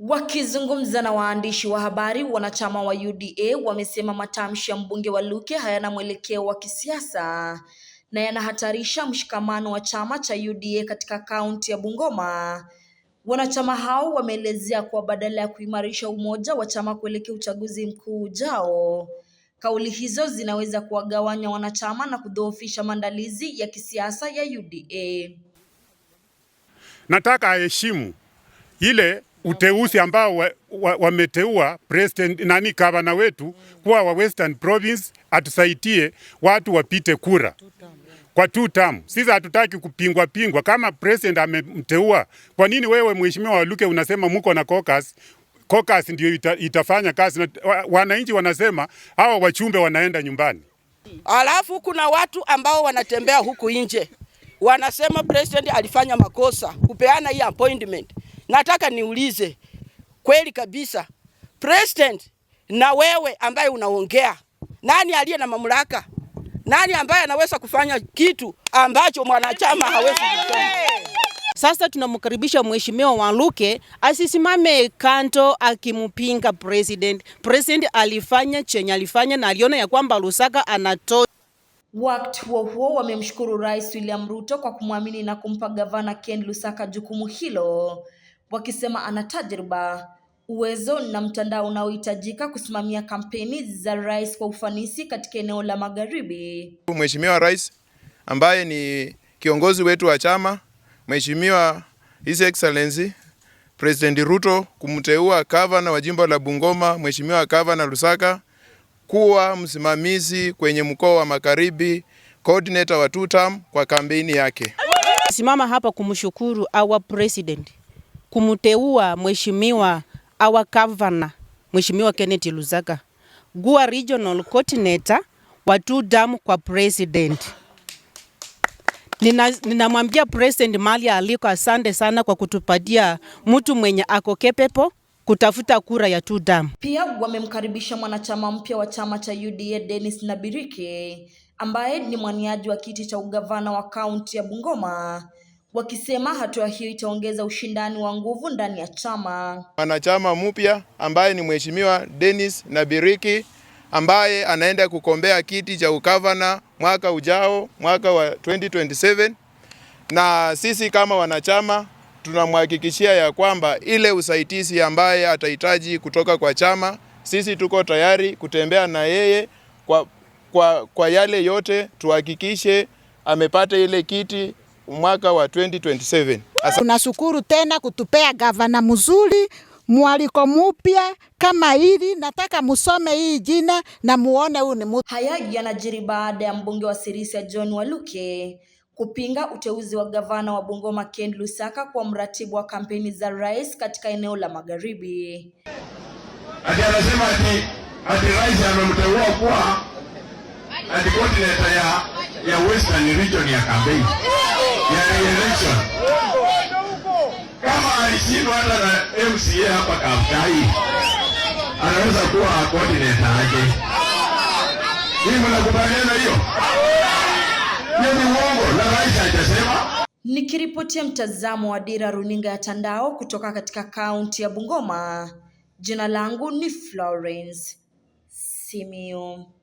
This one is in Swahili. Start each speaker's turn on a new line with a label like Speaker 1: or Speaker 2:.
Speaker 1: Wakizungumza na waandishi wa habari, wanachama wa UDA wamesema matamshi ya mbunge wa Luke hayana mwelekeo wa kisiasa na yanahatarisha mshikamano wa chama cha UDA katika kaunti ya Bungoma. Wanachama hao wameelezea kuwa badala ya kuimarisha umoja wa chama kuelekea uchaguzi mkuu ujao, kauli hizo zinaweza kuwagawanya wanachama na kudhoofisha maandalizi ya kisiasa ya UDA.
Speaker 2: Nataka aheshimu ile uteuzi ambao wameteua wa, wa president nani gavana wetu kuwa wa Western Province atusaidie watu wapite kura kwa two term. Sisi hatutaki kupingwa pingwa. Kama president amemteua, kwa nini wewe mheshimiwa Waluke unasema mko na caucus? Caucus ndio ita, itafanya kazi. Wananchi wanasema hawa wachumbe wanaenda nyumbani.
Speaker 3: Alafu kuna watu ambao wanatembea huku nje wanasema president alifanya makosa kupeana hii appointment nataka niulize kweli kabisa, president na wewe ambaye unaongea, nani aliye na mamlaka? Nani ambaye anaweza kufanya kitu ambacho mwanachama hawezi kufanya?
Speaker 4: Sasa tunamkaribisha mheshimiwa Waluke asisimame kanto akimpinga president. President alifanya chenye alifanya na aliona ya kwamba Lusaka anato.
Speaker 1: Wakati huo huo, wamemshukuru Rais William Ruto kwa kumwamini na kumpa Gavana Ken Lusaka jukumu hilo wakisema ana tajriba, uwezo na mtandao unaohitajika kusimamia kampeni za rais kwa ufanisi katika eneo la Magharibi.
Speaker 5: Mheshimiwa Rais ambaye ni kiongozi wetu wa chama, Mheshimiwa His Excellency President Ruto kumteua gavana wa jimbo la Bungoma Mheshimiwa gavana Lusaka kuwa msimamizi kwenye mkoa wa Magharibi, coordinator wa two term kwa kampeni yake.
Speaker 6: Simama hapa kumshukuru our president kumteua mheshimiwa our governor mheshimiwa Kenneth Lusaka Gua regional coordinator wa two dam kwa president. Ninamwambia nina president mali aliko, asante sana kwa kutupatia mtu mwenye ako kepepo kutafuta kura ya two dam.
Speaker 1: Pia wamemkaribisha mwanachama mpya wa chama cha UDA Dennis Nabirike ambaye ni mwaniaji wa kiti cha ugavana wa kaunti ya Bungoma wakisema hatua hiyo itaongeza ushindani wa nguvu ndani ya chama.
Speaker 5: Mwanachama mpya ambaye ni mheshimiwa Dennis Nabiriki ambaye anaenda kukombea kiti cha ukavana mwaka ujao, mwaka wa 2027 na sisi kama wanachama tunamhakikishia ya kwamba ile usaidizi ambaye atahitaji kutoka kwa chama, sisi tuko tayari kutembea na yeye kwa, kwa, kwa yale yote, tuhakikishe amepata ile kiti mwaka wa 2027.
Speaker 7: Tunashukuru tena kutupea gavana mzuri, mwaliko mupya kama hili. Nataka musome hii jina na muone huyu ni mtu.
Speaker 1: Haya yanajiri baada ya mbunge wa Sirisia John Waluke kupinga uteuzi wa gavana wa Bungoma Ken Lusaka kwa mratibu wa kampeni za rais katika eneo la Magharibi.
Speaker 8: Ati anasema ati ati rais amemteua kuwa na ni coordinator ya, ya Western Region ya campaign ya election. Kama alishindwa hata na MCA hapa Kaftai, anaweza kuwa coordinator yake. Mimi nakubaliana hiyo, hiyo ni uongo na rais hajasema
Speaker 1: Nikiripotia mtazamo wa Dira Runinga ya Tandao kutoka katika kaunti ya Bungoma, jina langu ni Florence Simio.